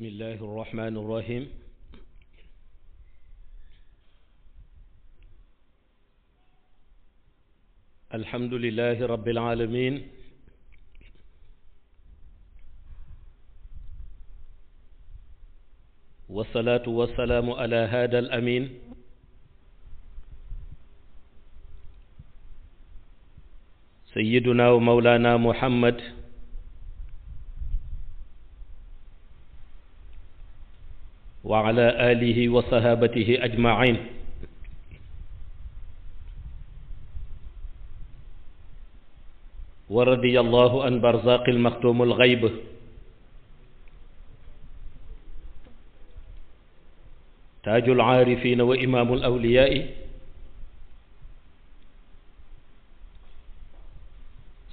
bismillahi irrahmani irrahim alhamdulilahi rabbil alamin wasalaatu wasalaamu ala hada al amin sayiduna wa maulana muhammad wa ala alihi wa sahabatihi ajmain wa radiya allahu an barzaqi almaxtumu alxayb taaju alaarifina wa imaamu alawliyaai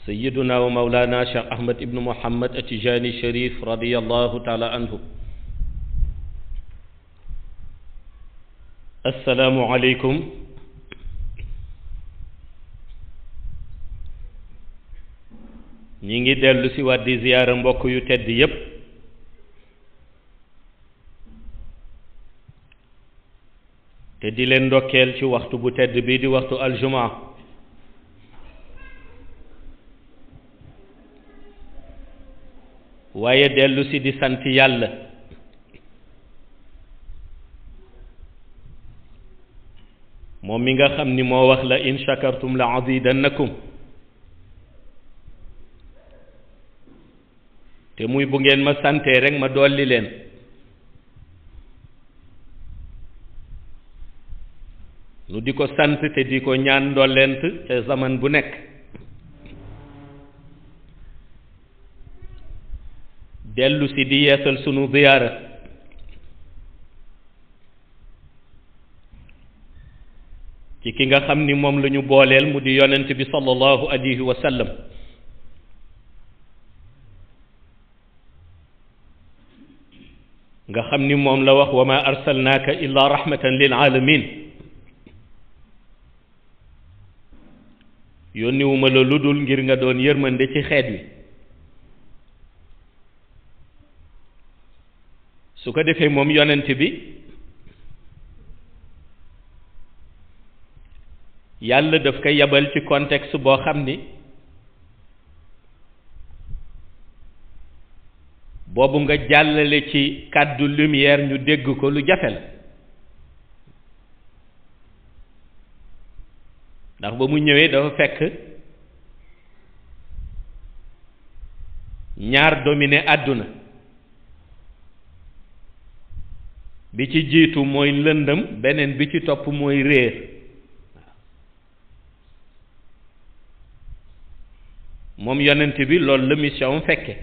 sayiduna wa mawlana cheikh ahmad ibnu mohammad atijani sharif radiya allahu taala anhu asalaamualeykum ñi ngi dellu si waat di ziyaara mbokk yu tedd yépp te di leen ndokkeel ci waxtu bu tedd bii di waxtu aljumaa waaye dellusi di sant yàlla moom mi nga xam ni moo wax la in shakartum la azidannakum te muy bu ngeen ma santee rekk ma dolli leen nu di ko sant te di ko ñaan ndollent te zaman bu nekk dellu si di yeesal sunu ziyaara ci ki nga xam ni moom lañu booleel mu di yonent bi sallallahu alayhi wa nga xam ni moom la wax wa ma arsalnaaka illa rahmatan lil alamin yónniwuma la lu ngir nga doon yërmande ci xeet wi su ko defee moom yonent bi yàlla daf ko yabal ci contexte boo xam ni boobu nga jàllale ci kàddu lumière ñu dégg ko lu jafe ndax ba mu ñëwee dafa fekk ñaar domine àdduna bi ci jiitu mooy lëndëm beneen bi ci topp mooy réer moom yonent bi loolu la mission am fekke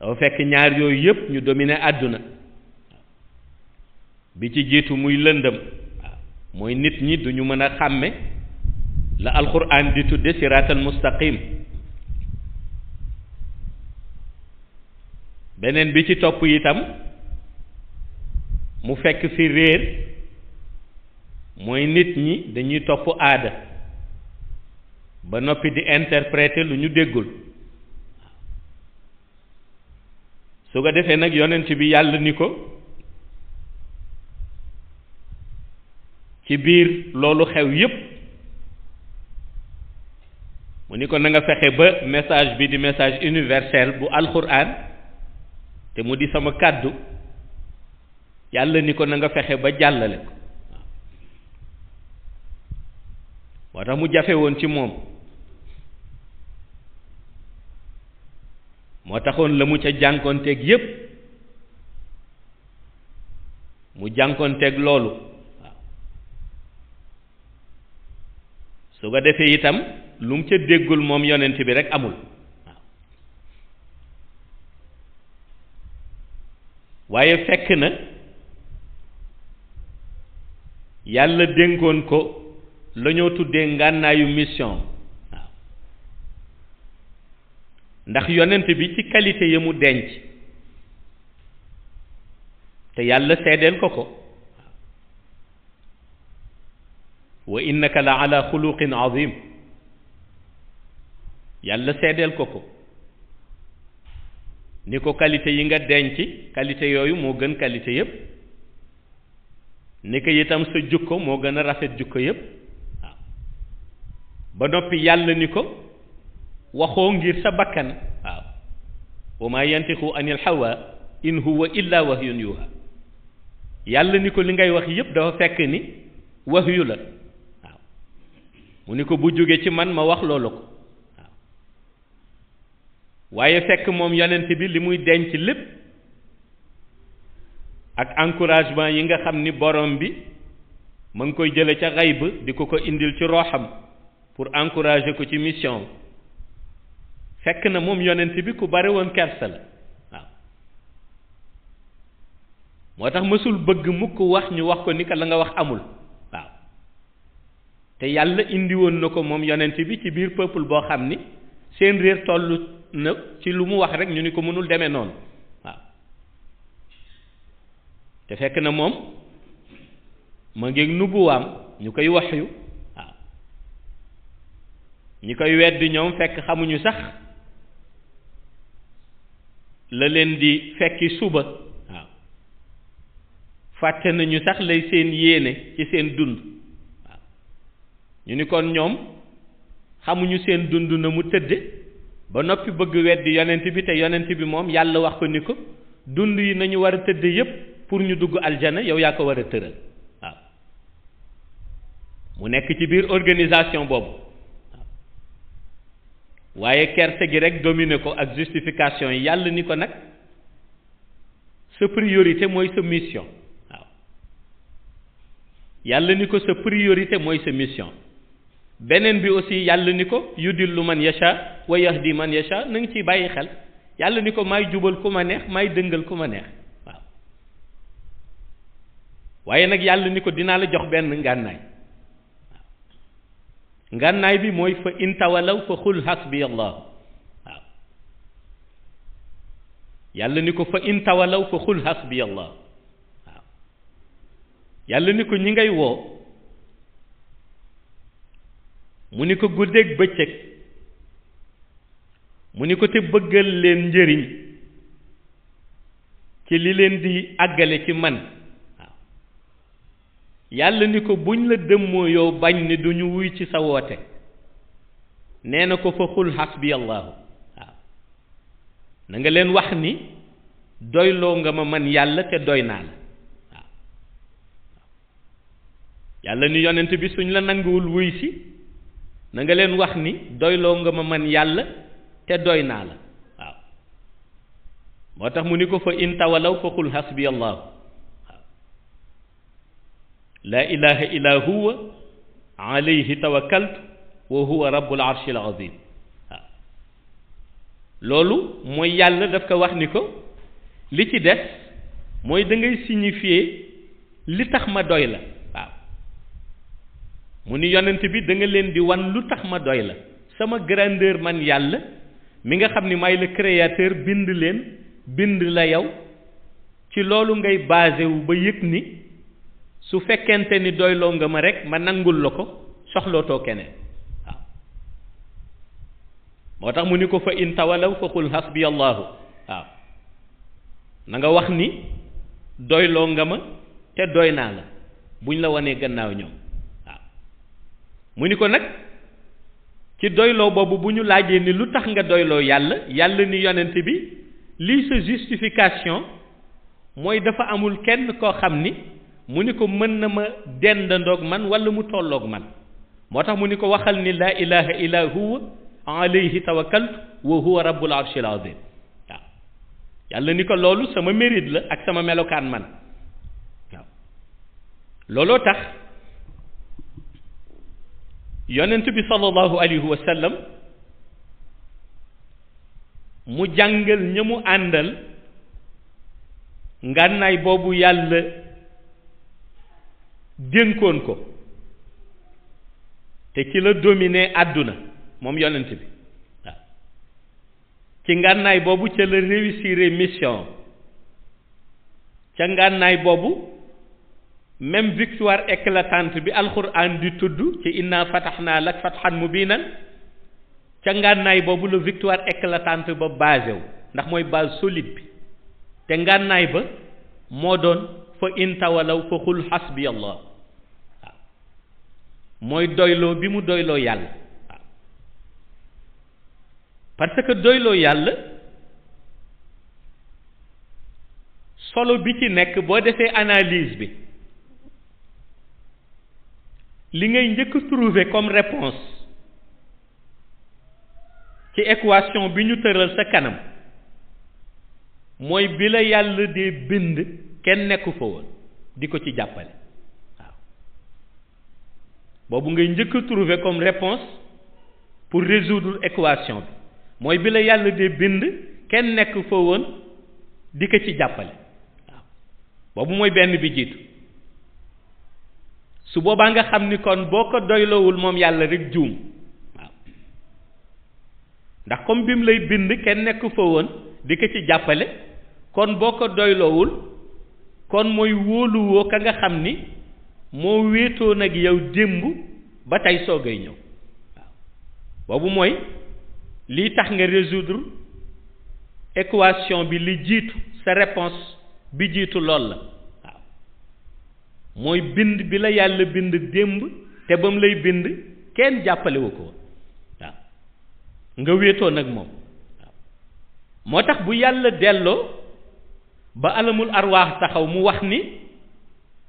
dafa fekk ñaar yooyu yëpp ñu dominer àdduna bi ci jiitu muy lëndëm mooy nit ñi duñu mën a xàmme la alquran di tudde siraatal mustaqim beneen bi ci topp itam mu fekk fi réer mooy nit ñi dañuy topp aada ba noppi di interpreté lu ñu déggul su ko defee nag yonent bi yàlla ni ko ci biir loolu xew yépp mu ni ko na nga fexe ba message bi di message universel bu alxuraan te mu di sama kàddu yàlla ni ko na nga fexe ba jàllale ko waaw moo tax mu jafe woon ci moom moo taxoon la mu ca jànkoonteeg yépp mu jànkoonteeg loolu waaw su ko defee itam lu mu ca déggul moom yonent bi rekk amul waaye fekk na yàlla dénkoon ko la ñoo tuddee ngànnaayu mission ndax yonent bi ci qualité yi mu denc te yàlla seedeel ko ko wa innaka la ala xuluqin azim yàlla seedeel ko ko ni ko qualité yi nga denc qualité yooyu moo gën qualité yépp ni ko itam sa jukko moo gën a rafet jukko yépp ba noppi yàlla ni ko waxoo ngir sa bakkan waaw wa maa yantiqu anil hawa in huwa illa wahyun yuha yàlla ni ko li ngay wax yépp dafa fekk ni wahyu la waaw mu ni ko bu jóge ci man ma wax loolu ko waaw waaye fekk moom yonent bi li muy denc lépp ak encouragement yi nga xam ni borom bi ma ngi koy jële ca xayb di ko ko indil ci rooxam pour encourager ko ci mission fekk na moom yonent bi ku bare woon kersa la waaw moo tax mësul bëgg mukk wax ñu wax ko ni ka la nga wax amul waaw te yàlla indi woon na ko moom yonent bi ci biir peuple boo xam ni seen réer tollu na ci lu mu wax rek ñu ni ko mënul demee noonu waaw te fekk na moom ma ngeeg nubuwaam ñu koy wax yu waaw ñi koy weddi ñoom fekk xamuñu sax la leen di fekki suba waaw fàtte nañu sax lay seen yéene ci seen dund waaw ñu ni kon ñoom xamuñu seen dund na mu tëdde ba noppi bëgg weddi yonent bi te yonent bi moom yàlla wax ko ni ko dund yi nañu war a tëdd yépp pour ñu dugg aljana yow yaa ko war tëral waaw mu nekk ci biir organisation boobu waaye kerse gi rek dominer ko ak justification yi yàlla ni ko nag sa priorité mooy sa mission waaw yàlla ni ko sa priorité mooy sa mission beneen bi aussi yàlla ni ko yudillu man yasha wa yahdi man yasha na nga ciy bàyyi xel yàlla ni ko may jubal ku ma neex maay dëngal ku ma neex waaw waaye nag yàlla ni ko dinaa la jox benn ngànnaay gànnaay bi mooy fa intawalaw fa xul hasbi waaw yàlla ni ko fa intawalaw fa xul hasbi waaw yàlla ni ko ñi ngay woo mu ni ko guddeeg bëccëg mu ni ko te bëggal leen njëriñ ci li leen di àggale ci man yàlla ni ko buñ la dëmmoo yow bañ ni duñu wuy ci sa woote nee na ko fa xul xasbi waaw na leen wax ni doyloo nga ma man yàlla te doy naa la waaw yàlla ni yonent bi suñ la nanguwul wuy si na leen wax ni doyloo nga ma man yàlla te doy naa la waaw moo tax mu ni ko fa in tawalaw fa xul xasbi laa ilaha illa huwa alayhi tawakkaltu wa huwa rabbul arshil azim loolu mooy yàlla daf ko wax ni ko li ci des mooy da ngay li tax ma doy la waaw mu ni yonent bi danga leen di wan lu tax ma doy la sama grandeur man yàlla mi nga xam ni may la créateur bind leen bind la yow ci loolu ngay basé ba yëg ni su fekkente ni doyloo nga ma rek ma nangul la ko soxlootoo keneen waaw moo tax mu ni ko fa in tawalaw fa qul hasbiya waaw na nga wax ni doyloo nga ma te doy naa la buñ la wanee gannaaw ñoom mu ni ko nag ci doyloo boobu bu ñu laajee ni lu tax nga doyloo yàlla yàlla ni yonent bi lii sa justification mooy dafa amul kenn koo xam ni mu ni ko mën na ma dendandoog man wala mu tollook man moo tax mu ni ko waxal ni laa ilaha illa huwa alayhi tawakkaltu wa huwa rabbul arshil azim waaw yàlla ni ko loolu sama mérite la ak sama melokaan man waaw looloo tax yonent bi sallallahu alayhi wa mu jàngal ña mu àndal ngànnaay boobu yàlla dénkoon ko te ki la domine àdduna moom yonent bi waaw ci ngànnaay boobu ca la réussir mission ca ngànnaay boobu même victoire éclatante bi alxuraan di tudd ci inna fataxnaa lak fatxan mubinan ca ngànnaay boobu la victoire éclatante ba basé ndax mooy base solide bi te ngànnaay ba moo doon fa intawalaw fa xul xasbi mooy doyloo bi mu doyloo yàlla waaw parce que doyloo yàlla solo bi ci nekk boo defee analyse bi li ngay njëkk trouver comme réponse ci équation bi ñu tëral sa kanam mooy bila yàlla dee bind kenn nekku fa woon di ko ci jàppale boobu ngay njëkk a trouver comme réponse pour résoudre équation bi mooy bi la yàlla dee bind kenn nekk fa woon di ko ci jàppale waaw boobu mooy benn bi jiitu su boobaa nga xam ni kon boo ko doylowul moom yàlla rekk juum waaw ndax comme bi mu lay bind kenn nekk fa woon di ko ci jàppale kon boo ko doyloowul kon mooy wóoluwoo ka nga xam ni moo wéetoo nag yow démb ba tey soogay ñëw waaw boobu mooy lii tax nga résoudre équation bi li jiitu sa réponse bi jiitu lool la waaw mooy bind bi la yàlla bind démb te ba mu lay bind kenn jàppalewu ko waaw nga wéetoo nag moom waaw moo tax bu yàlla delloo ba alamul arwaax taxaw mu wax ni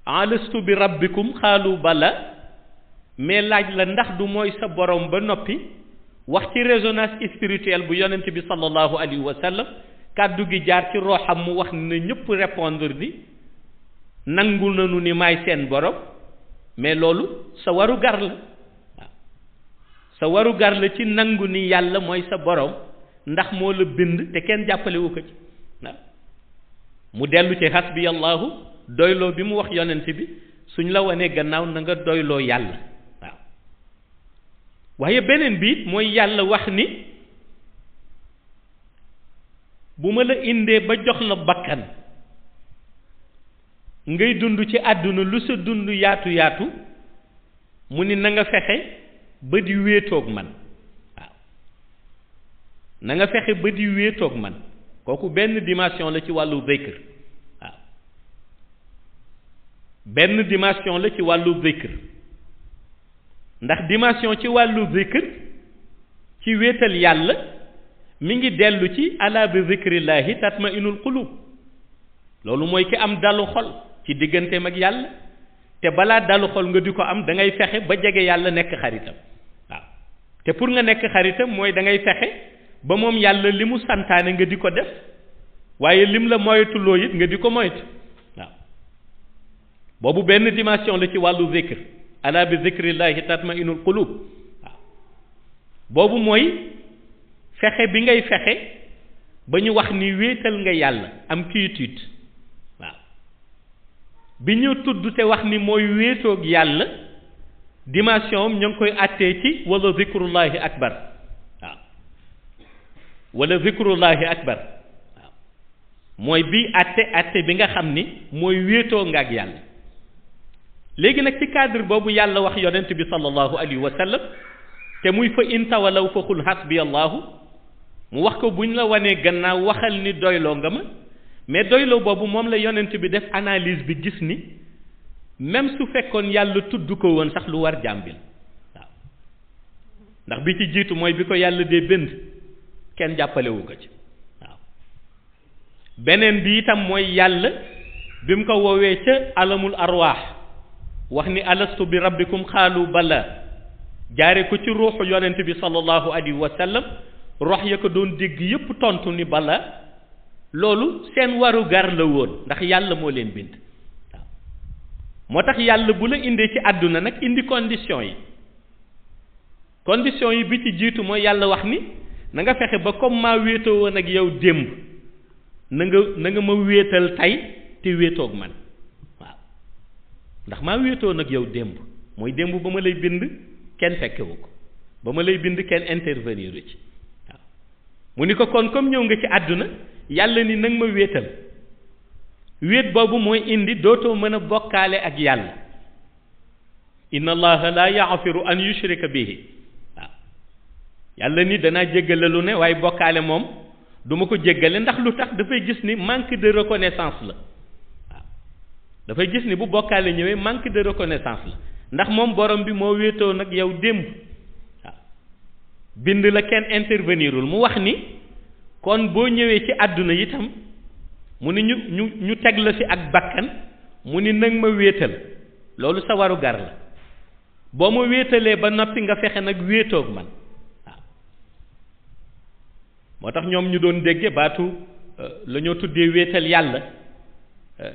alastu bi rabbikum xaalu bala mais laaj la ndax du mooy sa borom ba noppi wax ci résonance spirituelle bu yonent bi sallallahu alayhi wa kàddu gi jaar ci rooxam mu wax ne ñëpp répondre bi nangu nañu ni maay seen borom mais loolu sa waru gar la sa waru la ci nangu ni yàlla mooy sa borom ndax moo la bind te kenn jàppalewu ko ci mu dellu ci hasbiyallahu doyloo bi mu wax yonent bi suñ la wanee gannaaw na nga doyloo yàlla waaw waaye beneen bi mooy yàlla wax ni bu ma la indee ba jox la bakkan ngay dund ci àdduna lu sa dund yaatu yaatu mu ni na nga fexe ba di wéetoog man waaw na nga fexe ba di wéetoog man kooku benn dimension la ci wàllu zikr benn dimension la ci wàllu zikr ndax dimension ci wàllu zikr ci wéetal yàlla mi ngi dellu ci ala bi zikrillahi ma inul qulub loolu mooy ki am dalu xol ci diggante mag yàlla te balaa dalu xol nga di ko am da ngay fexe ba jege yàlla nekk xaritam waaw te pour nga nekk xaritam mooy da ngay fexe ba moom yàlla li mu santaane nga di ko def waaye lim la moytuloo it nga di ko moytu boobu benn dimension la ci wàllu zikr ala bi zikrillahi tatma inul qulub waaw boobu mooy fexe bi ngay fexe ba ñu wax ni wéetal nga yàlla am quiétude waaw bi ñu tudd te wax ni mooy wéetoog yàlla dimension am koy àttee ci wala zikrullahi akbar waaw wala zikrullahi akbar waaw mooy bii àtte àtte bi nga xam ni mooy wéetoo nga ak yàlla léegi nag ci cadre boobu yàlla wax yonent bi sallallahu alayhi wa sallam te muy fa in tawalaw fa xul hasbi mu wax ko buñ la wanee gannaaw waxal ni doyloo nga ma mais doyloo boobu moom la yonent bi def analyse bi gis ni même su fekkoon yàlla tudd ko woon sax lu war jàmbil waaw ndax bi ci jiitu mooy bi ko yàlla dee bind kenn jàppalewu ko ci waaw beneen bi itam mooy yàlla bi mu ko woowee ca alamul arwaax wax ni alastu bi rabbikum xaalu bala jaare ko ci ruuxu yonent bi sallallahu alayhi wa sallam rox ya ko doon dégg yépp tontu ni bala loolu seen waru gar la woon ndax yàlla moo leen bind moo tax yàlla bu la indee ci àdduna nag indi condition yi condition yi bi ci jiitu mooy yàlla wax ni na fexe ba comme maa wéetoo woon ak yow démb na nga na ma wéetal tey te wéetoog man ndax maa wéetoon ak yow démb mooy démb ba ma lay bind kenn fekkewu ko ba ma lay bind kenn intervenir ci waaw mu ni ko kon comme ñëw nga ci àdduna yàlla ni nag ma wéetal wéet boobu mooy indi dootoo mën a bokkaale ak yàlla inna allaha la yaxfiru an yushrika bihi waaw yàlla ni danaa jéggale lu ne waaye bokkaale moom duma ko jéggale ndax lu tax dafay gis ni manque de reconnaissance la dafay gis ni bu bokkaale ñëwee manque de reconnaissance la ndax moom borom bi moo wéetoo nag yow démb bind la kenn intervenirul mu wax ni kon boo ñëwee ci àdduna itam mu ni ñu ñu ñu teg la fi ak bakkan mu ni nag ma wéetal loolu sa waru gar la boo ma wéetalee ba noppi nga fexe nag wéetook man moo tax ñoom ñu doon dégge baatu euh, la tuddee wéetal yàlla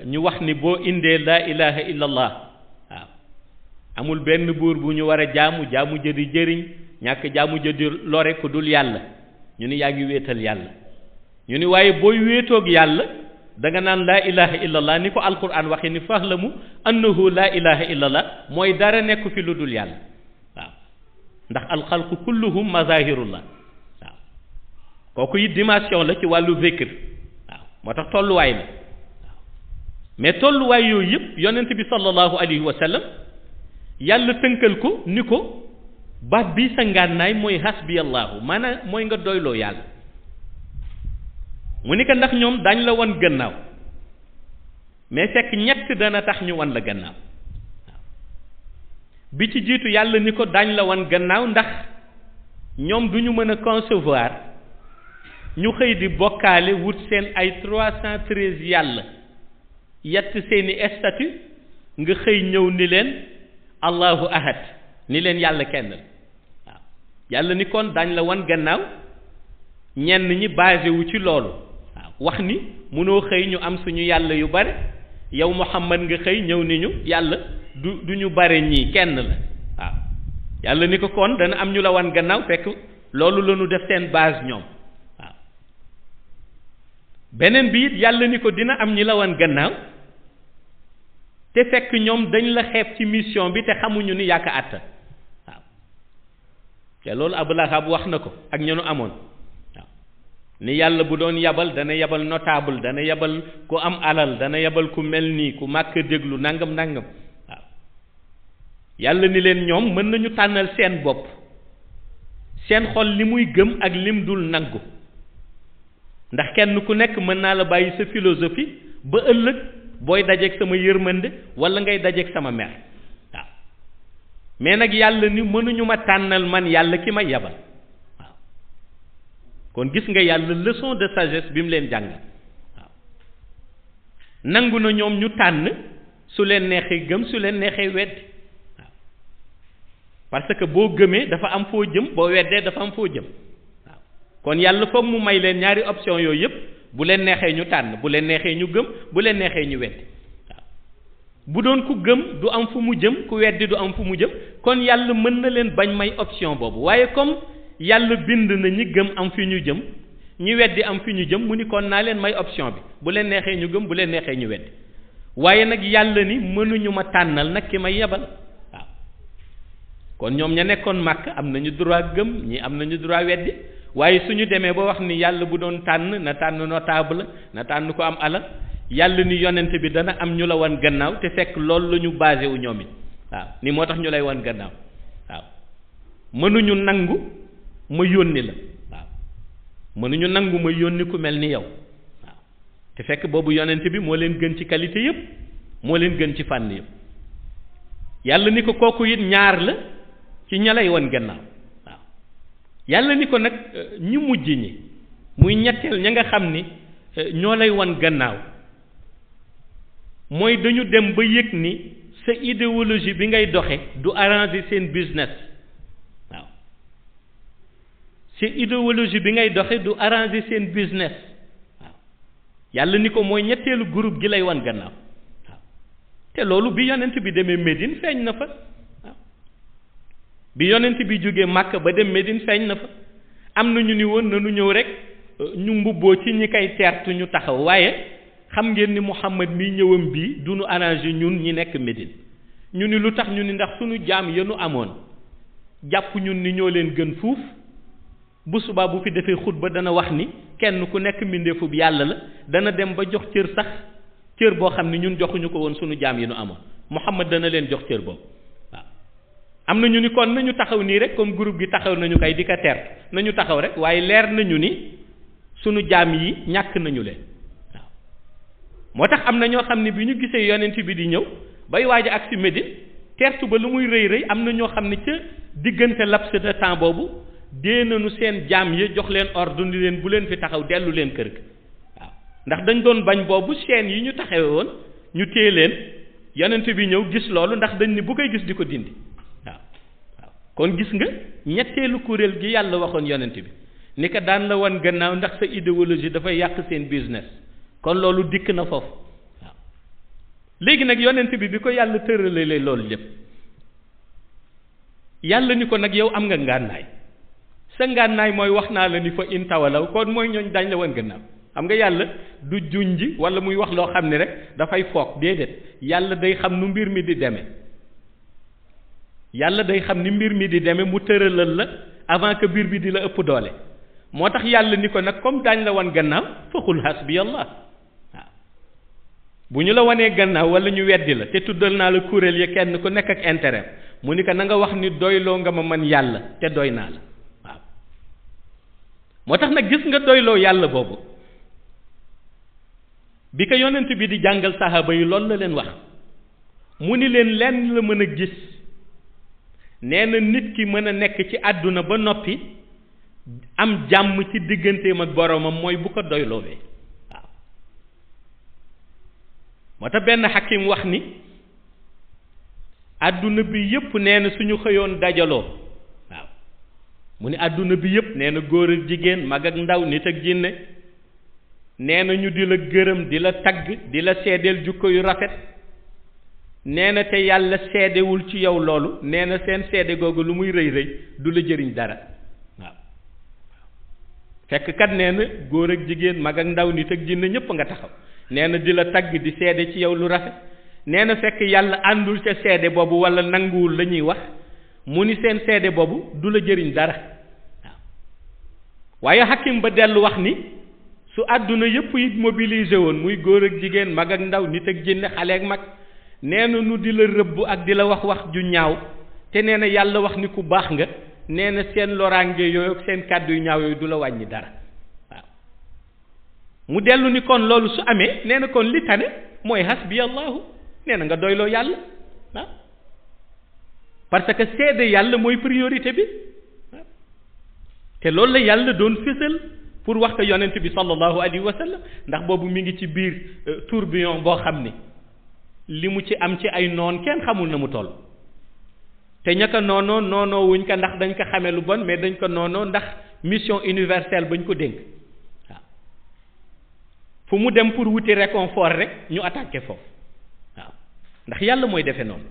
ñu wax ni boo indee laa ilaha illa waaw amul benn buur bu ñu war a jaamu jaamu jëdi jëriñ ñàkk jaamu jëdi lore ku dul yàlla ñu ni yaa ngi wéetal yàlla ñu ni waaye booy wéetoog yàlla danga naan laa ilaha illa allah ni ko alquran waxe ni fahlamu annahu laa ilaha illa mooy dara nekku fi lu dul yàlla waaw ndax alxalqu kulluhum mazahirullah waaw kooku it dimension la ci wàllu zikr waaw moo tax tolluwaay la mais tolluwaay yooyu yëpp yonent bi sallallahu alayhi wa sallam yàlla tënkal ko ni ko baat bi sa ngànnaay mooy hasbiyallahu maanaam mooy nga doyloo yàlla mu ni ko ndax ñoom dañ la wan gannaaw mais fekk ñett dana tax ñu wan la gannaaw bi ci jiitu yàlla ni ko dañ la wan gannaaw ndax ñoom du ñu mën a concevoir ñu xëy di bokkaale wut seen ay trois cent treize yàlla yett seeni statut nga xëy ñëw ni leen allahu ahad ni leen yàlla kenn la waaw yàlla ni kon dañ la wan gannaaw ñenn ñi basé ci loolu waaw wax ni mënoo xëy ñu am suñu yàlla yu bare yow muhammad nga xëy ñëw ni ñu yàlla du du ñu bare ñii kenn la waaw yàlla ni ko kon dana am ñu la wan gannaaw fekk loolu la def seen base ñoom waaw beneen bi it yàlla ni ko dina am ñi la wan gannaaw te fekk ñoom dañ la xeeb ci mission bi te xamuñu ni yàkk àtta waaw te loolu Abu Lahab wax na ko ak ñenu amoon waaw ni yàlla bu doon yabal dana yabal notable dana yabal ku am alal dana yabal ku mel nii ku màkk déglu nangam nangam waaw yàlla ni leen ñoom mën nañu tànnal seen bopp seen xol li muy gëm ak lim dul nangu ndax kenn ku nekk mën naa la bàyyi sa philosophie ba ëllëg booy dajeeg sama yërmande wala ngay dajeeg sama mer waaw mais nag yàlla ni mënuñu ma tànnal man yàlla ki may yabal waaw kon gis nga yàlla leçon de sagesse bi mu leen jàng waaw nangu na ñoom ñu tànn su leen neexee gëm su leen neexee weddi waaw parce que boo gëmee dafa am foo jëm boo weddee dafa am foo jëm waaw kon yàlla foog mu may leen ñaari option yooyu yëpp bu leen neexee ñu tànn bu leen neexee ñu gëm bu leen neexee ñu weddi waaw bu doon ku gëm du am fu mu jëm ku weddi du am fu mu jëm kon yàlla mën na leen bañ may option boobu waaye comme yàlla bind na ñi gëm am fi ñu jëm ñi weddi am fi ñu jëm mu ni kon naa leen may option bi bu leen neexee ñu gëm bu leen neexee ñu weddi waaye nag yàlla ni mënuñu ma tànnal nag ki may yebal waaw kon ñoom ña nekkoon màkk am nañu droit gëm ñii am nañu droit weddi waaye ñu demee ba wax ni yàlla bu doon tànn na tànn notable na tànn ko am ala yàlla ni yonent bi dana am ñu la wan gannaaw te fekk loolu lañu ñu basé waaw ni moo tax ñu lay wan gannaaw waaw mënuñu nangu ma yónni la waaw mënuñu nangu ma yónni ku mel ni yow waaw te fekk boobu yonent bi moo leen gën ci qualité yépp moo leen gën ci fànn yëpp yàlla ni ko kooku it ñaar la ci ña lay won gannaaw yàlla ni ko nag euh, ñu mujj ñi muy ñetteel ñi nga xam ni euh, ñoo lay wan gannaaw mooy dañu dem ba yëg ni sa idéologie bi ngay doxe du arranger seen business waaw sa idéologie bi ngay doxe du arranger seen business waaw yàlla ni ko mooy ñetteelu groupe gi lay wan gannaaw waaw te loolu bi yonent bi demee Médine feeñ na fa bi yonent bi jógee màkk ba dem Medine feeñ na fa am na ñu ni woon nanu ñëw rek euh, ñu mbubboo ci ñi koy teertu ñu taxaw waaye xam ngeen ni Muhammad mi ñëwam bii du nu arrangé ñun ñi nekk Medine ñu ni lu tax ñu ni ndax suñu jaam yenu amoon jàpp ñun ni ñoo leen gën fuuf bu subaa bu fi defee ba dana wax ni kenn ku nekk mbindeefu yàlla la dana dem ba jox cër sax cër boo xam ne ñun joxuñu ko woon sunu jaam yi nu amoon Muhammad dana leen jox cër boobu am na ñu ni kon nañu taxaw nii rek comme groupe gi taxaw nañu kay di ko ter nañu taxaw rek waaye leer nañu ni sunu jaam yi ñàkk nañu leen waaw moo tax am na ñoo xam ne bi ñu gisee yonent bi di ñëw bay waaj ak si Médine tertu ba lu muy rëy rëy am na ñoo xam ne ca diggante laps de temps boobu dee nañu seen jaam yi jox leen ordre ni leen bu leen fi taxaw dellu leen kër ga waaw ndax dañ doon bañ boobu chaîne yi ñu taxawe woon ñu téye leen yonent bi ñëw gis loolu ndax dañ ni bu koy gis di ko dindi kon gis nga ñetteelu kuréel gi yàlla waxoon yonent bi ni ko daan la wan gannaaw ndax sa idéologie dafay yàq seen business kon loolu dikk na foofu léegi nag yonent bi bi ko yàlla tëralee loolu lépp yàlla ni ko nag yow am nga ngànnaay sa ngànnaay mooy wax naa la ni fa in kon mooy ñooñ dañ la wan gannaaw xam nga yàlla du juñ ji wala muy wax loo xam ne rek dafay foog déedéet yàlla day xam nu mbir mi di deme yàlla day xam ni mbir mi di demee mu tëralal la avant que biir bi di la ëpp doole moo tax yàlla ni ko nag comme daañ la wan gannaaw faqul hasbi allah waaw bu ñu la wanee gannaaw wala ñu weddi la te tuddal naa la kuréel ya kenn ku nekk ak intérêt mu ni ko nanga wax ni doyloo nga ma man yàlla te doy naa la waaw moo tax nag gis nga doyloo yàlla boobu bi ko yonent bi di jàngal sahaaba yi lool la leen wax mu ni leen lenn la mën a gis nee na nit ki mën a nekk ci àdduna ba noppi am jàmm ci digganteem ak boromam mooy bu ko doy loowee waaw moo tax benn xakim wax ni àdduna bi yépp nee na suñu xëyoon dajaloo waaw mu ne àdduna bi yépp nee na góor ak jigéen mag ak ndaw nit ak jinne nee na ñu di la gërëm di la tagg di la seedeel jukko yu rafet nee na te yàlla seedewul ci yow loolu nee na seen seede googu lu muy rëy rëy du la jëriñ dara waaw fekk kat nee góor ak jigéen mag ak ndaw nit ak jinne ñëpp nga taxaw nee na di la tagg di seede ci yow lu rafet nee na fekk yàlla àndul ca seede boobu wala nanguwul la ñuy wax mu ni seen seede boobu du la jëriñ dara waaye xakim ba dellu wax ni su àdduna yëpp it mobilisé woon muy góor ak jigéen mag ak ndaw nit ak jinne xale ak mag. nee na nu di la rëbb ak di la wax wax ju ñaaw te nee na yàlla wax ni ku baax nga nee na seen loraange yooyu seen kàddu yu ñaaw yooyu du la wàññi dara waaw mu dellu ni kon loolu su amee nee na kon li tane mooy hasbi allahu nee na nga doyloo yàlla waaw parce que seede yàlla mooy priorité bi te loolu la yàlla doon fësal pour wax ko yonent bi sallallahu alayhi wa sallam ndax boobu mi ngi ci biir euh, tourbillon boo xam ni li mu ci am ci ay noon kenn xamul na mu toll te ña noonoo noonoo ko ndax dañ ko xamee lu bon mais dañ ko noonoo ndax mission universelle bañ ko dénk waaw fu mu dem pour wuti réconfort rek ñu attaqué foofu waaw ndax yàlla mooy defe noonu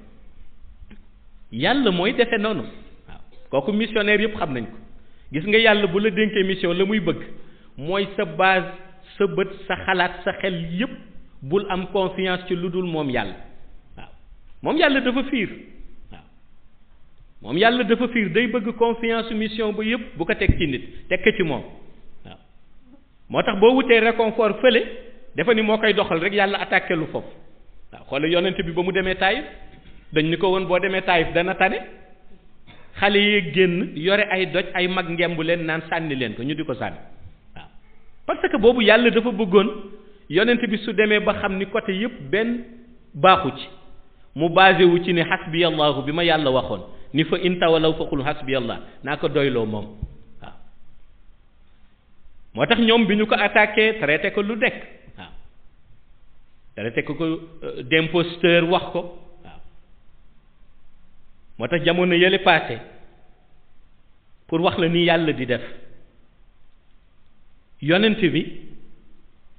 yàlla mooy defe noonu waaw kooku missionnaire yëpp xam nañ ko gis nga yàlla bu la dénkee mission la muy bëgg mooy sa base sa bët sa xalaat sa xel yëpp. bul am confiance ci lu dul moom yàlla waaw moom yàlla dafa fiir waaw moom yàlla dafa fiir day bëgg confiance mission ba yépp bu ko teg ci nit teg ci moom waaw moo tax boo wutee réconfort fële dafa ni moo koy doxal rek yàlla attaqué lu foofu waaw xoolal yonent bi ba mu demee Taïf dañ ni ko woon boo demee Taïf dana tane xale yi génn yore ay doj ay mag ngemb leen naan sànni leen ko ñu di ko sànni waaw parce que boobu yàlla dafa bëggoon. yonent bi su demee ba xam ni côté yëpp benn baaxu ci mu basé ci ne xasbi allahu bi ma yàlla waxoon ni fa intawalaw faqul xasbi allah naa ko doyloo moom waaw moo tax ñoom bi ñu ko attaqué traité ko lu dekk waaw traité ko ko euh, d'imposteur wax ko waaw moo tax jamono yële passé pour wax la ni yàlla di def yonent bi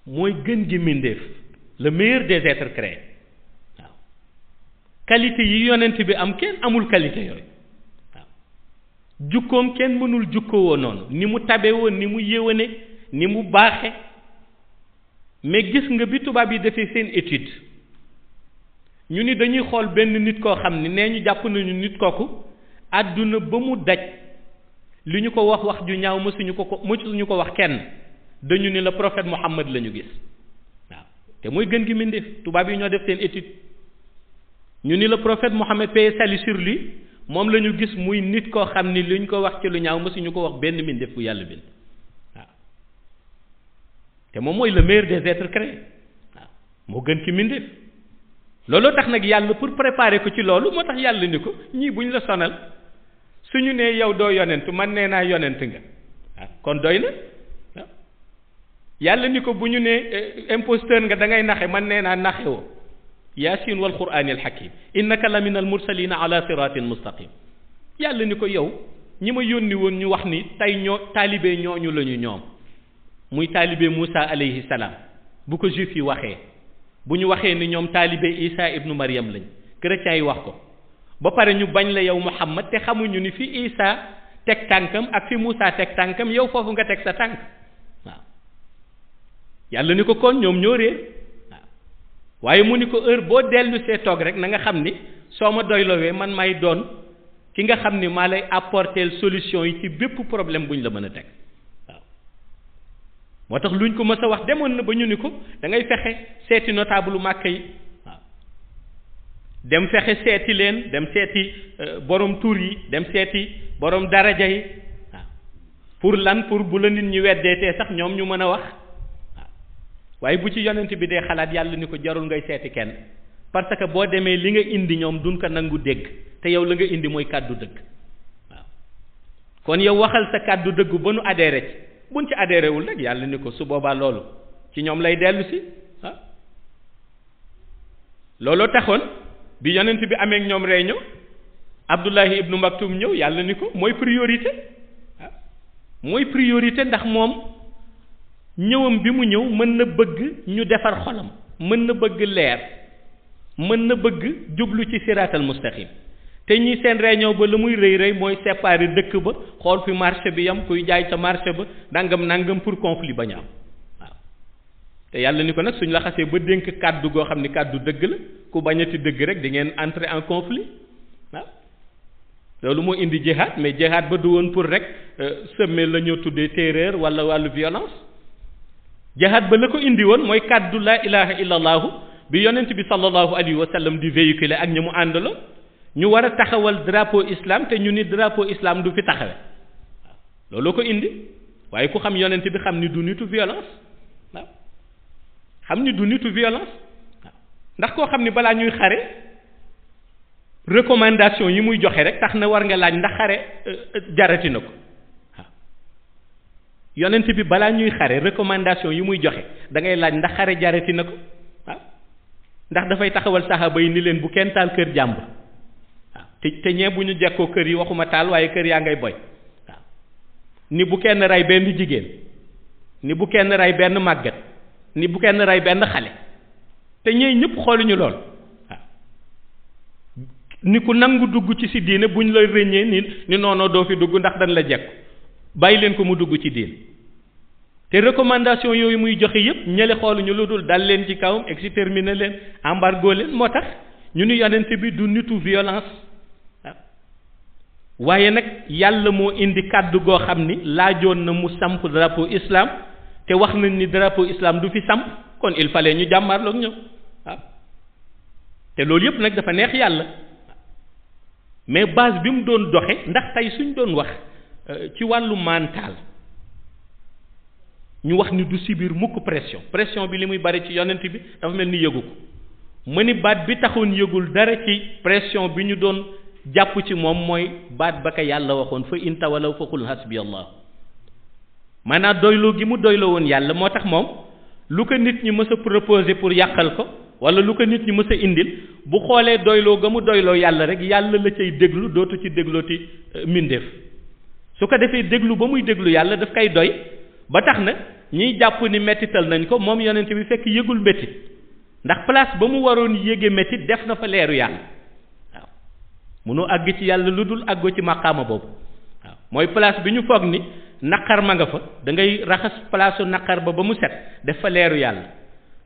mooy gën gi mbindéef le meilleur des êtres créés waaw qualité yi yonent bi am kenn amul qualité yooyu waaw jukkoom kenn mënul jukkoo woo noonu ni mu tabe woon ni mu yéwane ni mu baaxe mais gis nga bi tubaab yi defee seen étude ñu ni dañuy xool benn nit koo xam ni nee ñu jàpp nañu nit kooku àdduna ba mu daj li ñu ko wax wax ju ñaaw mësuñu ko ko ñu ko wax kenn dañu ni la profet Muhammad la ñu gis waaw te mooy gën gi mbindéef tubaab yi ñoo def seen étude ñu ni la profet Muhammad paix salut sur lui moom lañu gis muy nit koo xam ni luñ ko wax ci lu ñaaw mësuñu ko wax benn mbindéef bu yàlla bind waaw te moom mooy le meilleur des êtres créés waaw moo gën ki mbindéef looloo tax nag yàlla pour préparer ko ci loolu moo tax yàlla ni ko ñii bu ñu la sonal ñu nee yow doo yonent man nee naa yonent nga kon doy na. yàlla ni ko bu ñu ne eh, imposteur nga da ngay naxe man nee naa naxe woo yaasin wal qur'aani al hakim innaka la min al mursalina ala siratin mustaqim yàlla ni ko yow ñi ma yónni woon ñu wax ni tey ñoo taalibe ñooñu la ñu ñoom muy taalibe Moussa alayhi bu ko juif yi waxee bu ñu waxee ni ñoom taalibe Isa ibnu Maryam lañ chrétiens yi wax ko ba pare ñu bañ la yow Muhammad te xamuñu ni fi Isa teg tànkam ak fi Moussa teg tànkam yow foofu nga teg sa tànk yàlla ni ko kon ñoom ñoo réer waaw waaye mu ni ko heure boo dellu see toog rek na nga xam ni soo ma doylowee man may doon ki nga xam ni maa lay apporter solution yi ci bépp problème bu ñu la mën a teg waaw moo tax luñ ko mës a wax demoon na ba ñu ni ko da ngay fexe seeti notable màkk yi waaw dem fexe seeti leen dem seeti euh, borom tur yi dem seeti borom daraja yi waaw pour lan pour bu la nit ñi weddee sax ñoom ñu mën a wax. waaye bu ci yonent bi dee xalaat yàlla ni ko jarul ngay seeti kenn parce que boo demee li nga indi ñoom duñ ko nangu dégg te yow la nga indi mooy kàddu dëgg waaw kon yow waxal sa kàddu dëgg ba nu adhéré ci buñ ci adhéré wul yàlla ni ko su boobaa loolu ci ñoom lay dellu looloo taxoon bi yonent bi amee ak ñoom réunion Abdullahi ibnu Maktum ñëw yàlla ni ko mooy priorité mooy priorité ndax moom. ñëwam bi mu ñëw mën na bëgg ñu defar xolam mën na bëgg leer mën na bëgg jublu ci siraatal mustaqim te ñi seen réunion ba la muy rëy rëy mooy séparer dëkk ba xool fi marché bi yam kuy jaay ca marché ba nangam nangam pour conflit ba waaw te yàlla ni ko nag suñ la ba dénk kàddu goo xam ni kàddu dëgg la ku bañati dëgg rek di ngeen entrer en conflit waaw loolu moo indi jihaad mais jihaad ba du woon pour rek euh, semer la ñoo tuddee terreur wala wàllu violence jihaad ba la ko indi woon mooy kàddu laa ilaha illa allaahu bi yonent bi sallallahu alayhi wa sallam di véhiculer ak ñi mu àndala ñu war a taxawal drapeau islaam te ñu ni drapeau islam du fi taxawe waaw loolu ko indi waaye ku xam yonent bi xam ni du nitu violence xam du nitu violence ndax koo xam ni balaa ñuy xare recommandation yi muy joxe rek tax na war nga laaj ndax xare euh, euh, jarati na ko yonent bi balaa ñuy xare recommandation yi muy joxe da ngay laaj ndax xare jarati na ko ndax dafay taxawal saxaaba yi ni leen bu kenn taal kër jàmbur te te ñee bu ñu jekkoo kër yi waxuma taal waaye kër yaa ngay boy ni bu kenn rey benn jigéen ni bu kenn rey benn màggat ni bu kenn rey benn xale te ñee ñëpp xooluñu lool waaw ni ku nangu dugg ci si diine buñ lay rëññee ni ni doo fi dugg ndax dañ la jekku bàyyi leen ko mu dugg ci diin te recommandation yooyu muy joxe yëpp ñële xooluñu lu dul dal leen ci kawam exterminer leen embargo leen moo tax ñu ni yonente bi du nitu violence waaye nag yàlla moo indi kàddu goo xam ni laajoon na mu samp drapeau islam te wax nañ ni drapeau islaam du fi samp kon il fallait ñu jàmmarloog ñëw te loolu yëpp nag dafa neex yàlla mais base bi mu doon doxe ndax tey suñ doon wax Euh, ci wàllu mental ñu wax ni du subir mukk pression pression bi li muy bari ci yonent bi dafa mel ni yëgu ko mu ni baat bi taxoon yëgul dara ci pression bi ñu doon jàpp ci moom mooy baat ba ka yàlla waxoon fa in tawalaw fa qul hasbi allah maanaam doyloo gi mu doyloo woon yàlla moo tax moom lu ko nit ñi mës a proposer pour yàqal ko wala lu ko nit ñi mës a indil bu xoolee doyloo ga mu doyloo yàlla rek yàlla la cay déglu dootu ci dégloo déglooti euh, mbindeef su ko defee déglu ba muy déglu yàlla daf kay doy ba tax na ñiy jàpp ni mettital nañ ko moom yonent bi fekk yëgul méttit ndax place ba mu waroon yége méttit def na fa leeru yàlla waaw mënoo àgg ci yàlla lu dul àggoo ci maqaama boobu waaw mooy place bi ñu foog ni naqar ma nga fa da ngay raxas palaasu naqar ba ba mu set def fa leeru yàlla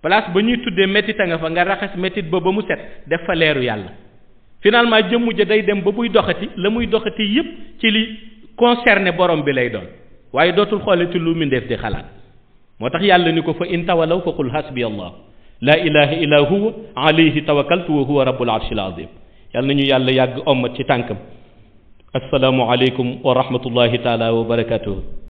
place ba ñuy tuddee méttit a nga fa nga raxas méttit ba ba mu set def fa leeru yàlla finalement jëmm ja day dem ba buy doxati concerné borom bi lay doon waaye dootul xoolati lu mindeef di xalaat moo tax yàlla ni ko fa in tawalaw fa qul hasbi allah laa ilaha illa huwa alayhi tawakkaltu wa huwa rabbul arshil azim yàlla nañu yàlla yàgg ommat ci tànkam asalaamu aleykum wa rahmatullahi taala wa barakatuhu